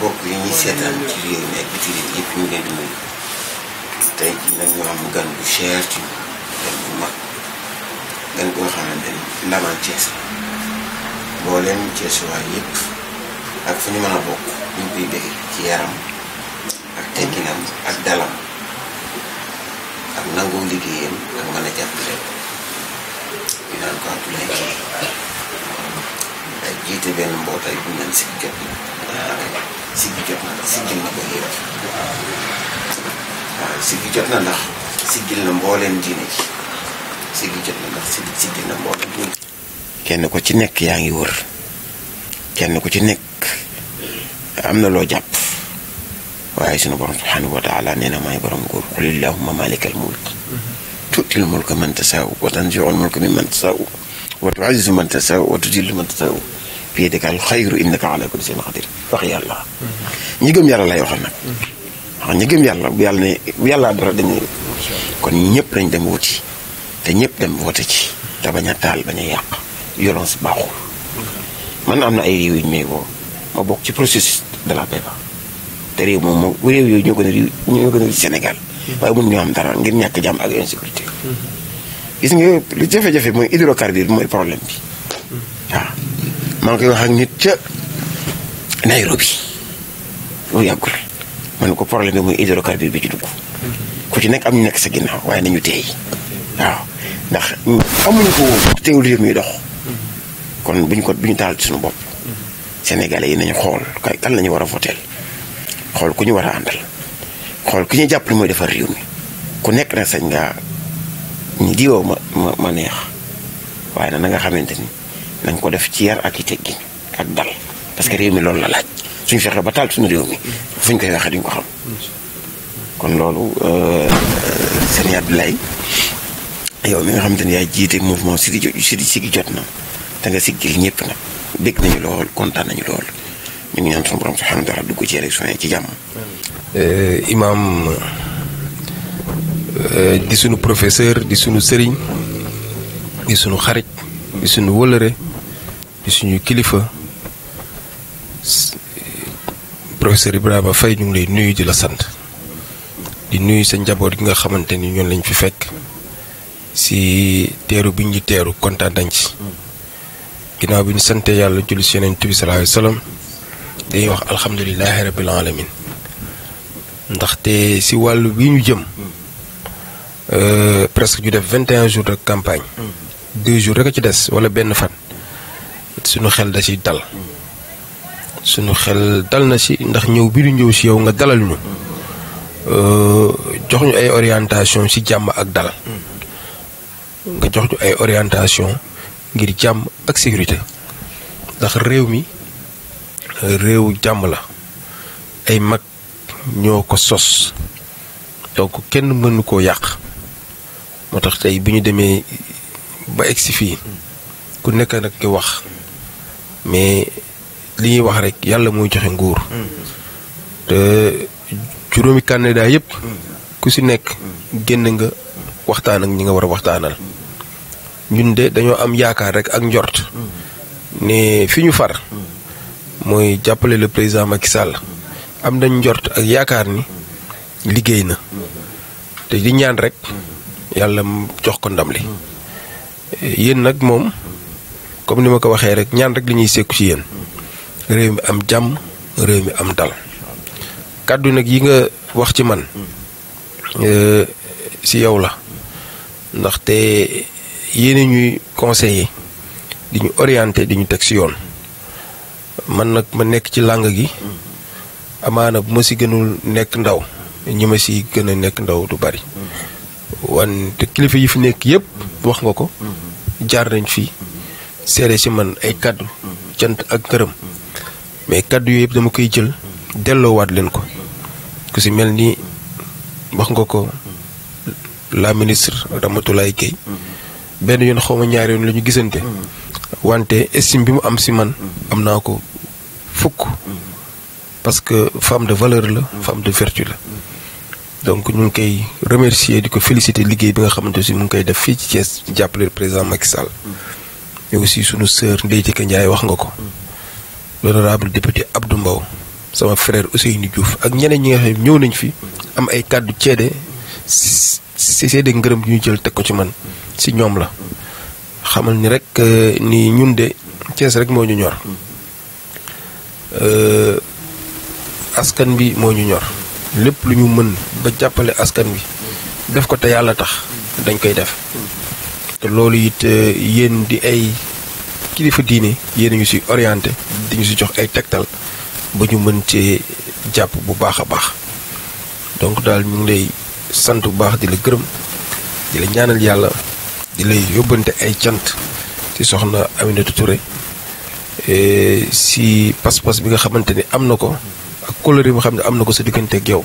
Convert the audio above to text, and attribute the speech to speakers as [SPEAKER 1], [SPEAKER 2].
[SPEAKER 1] bokk yi ñuy seetaan ci réew mi ak biti réew yëpp ñu ngi leen di nuyu tey jii nag ñu am gan bu cher ci gan bu mag gan goo xamante ni ndamal Cees mbooleem Cees waay yëpp ak fu ñu mën a bokk ñu ngi koy bëgg ci yaram ak tegginam ak dalam ak nangoo liggéeyam ak mën a jàppale ñu naan ko Abdoulaye Dieng ak jiite benn mbootaay bu ñu naan si siggi jot na ndax siggil na ko yéen waaw siggi jot na ndax siggi na ndax siggil na kenn ku ci nekk yaa ngi wër kenn ku ci nekk am na loo jàpp waaye sunu borom subhanahu wa taala nee na maay borom nguur qul illahumma malikal mulk tuutil man tasaw wa wa tu'izzu man tasaw wa tudillu man tasaw bi yadika alxayru innaka ala kulli shay'in qadir wax yàlla. ñi gëm yàlla lay waxal nag. wax ñi gëm yàlla bu yàlla ne yàlla dara dañuy. kon ñëpp nañ dem wuti te ñëpp dem woote ci. te bañ a taal bañ a yàq violence baaxul. man am na ay réew yu ñu may woo de te réew moom moo réew yooyu ñoo gën a réew ñoo Sénégal. waaye mun ñoo am dara ngir ñàkk jàmm ak insécurité.
[SPEAKER 2] Mm-hmm.
[SPEAKER 1] gis nga lu jafe-jafe mooy hydrocarbure mooy problème bi mm-hmm. maa ngi koy wax ak nit ca Nairobi loolu yàggul man ko problème bi muy hydrocarbure bi ci dugg ku ci nekk am ñu nekk sa ginnaaw waaye nañu teey ndax amuñu ko woon muy dox kon buñ ko bu ñu suñu bopp sénégalais yi nañu xool kay kan la war a voteel xool ku ñu war a àndal xool ku ñu jàppale mooy defar réew ku nekk na sañ nga ñu diwoo ma ma neex waaye na nga xamante ni nañ ko def ci yar ak i teggin ak dal parce que réew mi loolu la laaj suñu fexe ba taal suñu réew mi fu ñu koy waxee duñ ko xam kon loolu euh, sëñ Abdoulaye yow mi nga xamante ne yaay jiite mouvement sigi sigi jot na te nga siggil ñëpp nag dégg lool kontaan nañu lool ñu ngi ñaan suñu borom subhanahu wa yi ci jàmm. Euh,
[SPEAKER 3] euh, sunu professeur di sunu sëriñ di sunu xarit di sunu wëlëre. suñu kilifa professeur ba Faye ñu ngi lay nuyu di la sant di nuyu sa njaboot gi nga xamante ni ñoom lañ fi fekk si teeru bi ñu teeru kontaan nañ ci ginnaaw bi ñu sante yàlla julli si yonent bi sallallahu alayhi wasallam dañuy wax alhamdulilahi rabbil alamin ndaxte si wàll bi ñu jëm euh, presque ñu def vingt et un jours de campagne
[SPEAKER 2] mm.
[SPEAKER 3] deux jours rek a ci des wala benn fan suñu xel da si dal suñu xel dal na si ndax ñëw bi du ñëw si yow nga dalal ñu jox ñu ay orientation si jàmm ak dal nga jox ñu ay orientation ngir jàmm ak sécurité ndax réew mi réew jàmm la ay mag ñoo ko sos donc kenn mënu koo yàq moo tax tey bi ñu demee ba egsi fii ku nekk nag ki wax mais li wax rek yalla moy joxe nguur mm. te juróomi candidat yep mm. ku ci nek mm. genn nga waxtaan ak ñi nga wara waxtaanal ñun de dañu am yaakaar rek ak njort ne fiñu far moy jàppale le président Macky Sall am nañ njort ak yaakaar ni liggéey na te di ñaan rek yalla jox ko ndam li eh, yéen nag mom comme ni ma ko waxe rek ñaan rek li ñuy ci yeen réew mi am jam, réew mi am dal kaddu nak yi nga wax ci man euh, ci yow la té yene ñuy conseiller di ñu orienté di ñu teg si yoon man nak ma nekk ci langue gi amana bu ma si gënul nekk ndaw ñi ma ci gëna nekk ndaw du bari te kilifa yi fi nekk yépp wax nga ko jaar nañ fii seere si man ay kàddu cant ak ngërëm mais kàddu yooyu yëpp dama koy jël delloowaat leen ko ku si mel nii wax nga ko la ministre Ramatoulaye Gueye benn yoon xaw ma ñaari yoon la ñu gisante wante estime bi mu am si man am naa ko fukk parce que femme de valeur la femme de vertu la donc ñu ngi koy remercier di ko féliciter liggéey bi nga xamante si mu ngi koy def fii ci Thiès jàppale président Macky Sall mais aussi sunu sœur Ndeye Tické wax nga ko. l'honorable député Abdou Mbow. sama frère ni Diouf ak ñeneen ñi nga xam ñëw nañ fi. am ay kàddu ceede si seede ngërëm ñu jël teg ko ci man si ñoom la. xamal ni rek euh, ni ñun de ces rek moo ñu ñor. Euh, askan bi moo ñu ñor. lépp lu ñu mën ba jàppale askan bi. def ko te yàlla tax. dañ koy def. te loolu it euh, yéen di ay kilifa diine yéen ñu si orienté diñu si jox ay tegtal ba ñu mën cee jàpp bu baax a baax donc daal ñu ngi lay sant bu baax di la gërëm di la ñaanal yàlla di lay yóbbante ay cant ci soxna Aminata Touré si pas-pas bi nga xamante ni am na ko ak couleur yi xam ne am na ko sa diggante ak yow